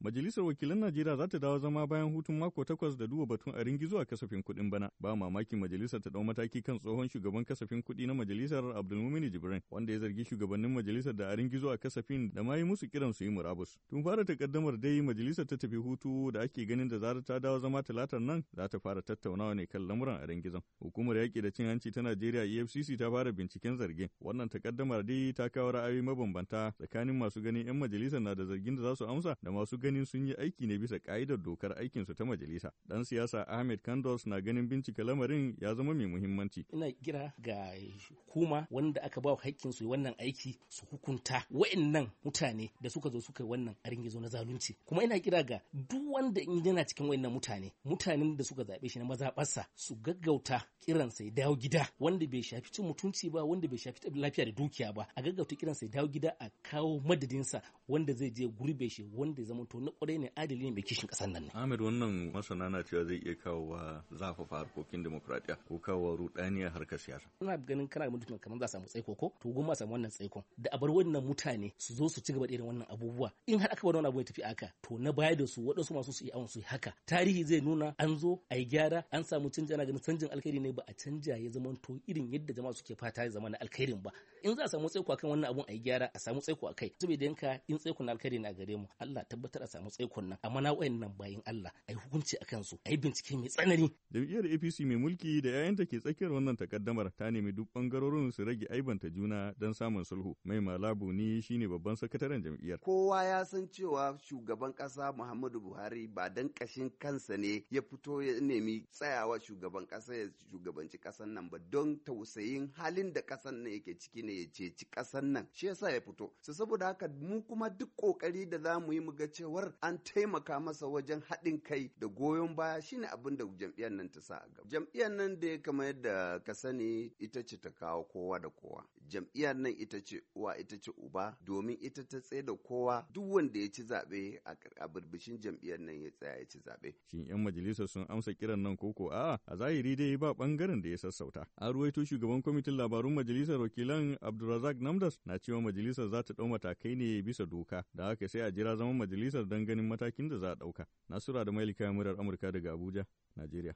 Majalisar Wakilan Najeriya za ta dawo zama bayan hutun mako takwas da duba batun a ringi zuwa kasafin kuɗin bana. Ba mamaki majalisar ta ɗau mataki kan tsohon shugaban kasafin kuɗi na majalisar Abdulmumin Jibrin wanda ya zargi shugabannin majalisar da a ringi zuwa kasafin da ma yi musu kiran su yi murabus. Tun fara takaddamar dai majalisar ta tafi hutu da ake ganin da zarar ta dawo zama talatar nan za ta fara tattaunawa ne kan lamuran a ringizon. Hukumar yaƙi da cin hanci ta Najeriya EFCC ta fara binciken zargin. Wannan takaddamar dai ta kawo ra'ayoyi mabambanta tsakanin masu ganin 'yan majalisar na da zargin da za su amsa da masu ganin sun yi aiki ne bisa ka'idar dokar aikin su ta majalisa. Dan siyasa Ahmed Kandos na ganin bincika lamarin ya zama mai muhimmanci. Ina kira ga hukuma wanda aka ba hakkin su wannan aiki su hukunta wa'annan mutane da suka zo suka yi wannan gizo na zalunci. Kuma ina kira ga duk wanda in yana cikin wa'annan mutane, mutanen da suka zaɓe shi na mazaɓarsa su gaggauta kiran sai dawo gida wanda bai shafi cin mutunci ba wanda bai shafi lafiya da dukiya ba a gaggauta kiran sai dawo gida a kawo madadinsa wanda zai je gurbe shi wanda ya zama to na kwarai ne adali ne mai kishin kasan nan ne Ahmed wannan masana na cewa zai iya kawo wa zafafa harkokin demokradiya ko kawo wa rudaniyar harkar siyasa ina ganin kana mutum kamar za a samu tsaiko ko to goma samu wannan tsaikon da a bar wannan mutane su zo su ci gaba da irin wannan abubuwa in har aka bar wannan abu ya tafi aka to na baya da su waɗansu masu su yi awon su haka tarihi zai nuna an zo a yi gyara an samu canji ana ganin canjin alkhairi ne ba a canja ya zama to irin yadda jama'a suke fata ya zama na alkhairin ba in za a samu tsaiko akan wannan abun a yi gyara a samu tsaiko akai saboda yanka in tsaiko na alkhairi na gare mu Allah tabbatar samu tsaikon nan amma na wayannan bayin Allah ai hukunci akan su ai bincike mai tsanani jam'iyyar APC mai mulki da yayanta ke tsakiyar wannan takaddamar ta nemi duk bangarorin su rage aibanta juna don samun sulhu mai malabu ni shine babban sakataren jam'iyyar kowa ya san cewa shugaban kasa Muhammadu Buhari ba dan kashin kansa ne ya fito ya nemi tsayawa shugaban kasa ya shugabanci kasan nan ba don tausayin halin da kasan nan yake ciki ne ya ceci kasan nan shi yasa ya fito saboda haka mu kuma duk kokari da za mu yi mu ga cewa kamar an taimaka masa wajen haɗin kai da goyon baya shine abin da jam'iyyar nan ta sa a gaba. Jam'iyyar nan da ya kamar yadda ka sani ita ce ta kawo kowa da kowa. Jam'iyyar nan ita ce uwa ita ce uba domin ita ta tsaye da kowa duk wanda ya ci zaɓe a birbishin jam'iyyar nan ya tsaya ya ci zaɓe. Shin 'yan majalisar sun amsa kiran nan koko a a zahiri dai ba ɓangaren da ya sassauta. An ruwaito shugaban kwamitin labarun majalisar wakilan Abdulrazak Namdas na cewa majalisar za ta ɗau matakai ne bisa doka da haka sai a jira zaman majalisar don ganin matakin da za a ɗauka. Nasura da Mailika murar Amurka daga Abuja, Najeriya.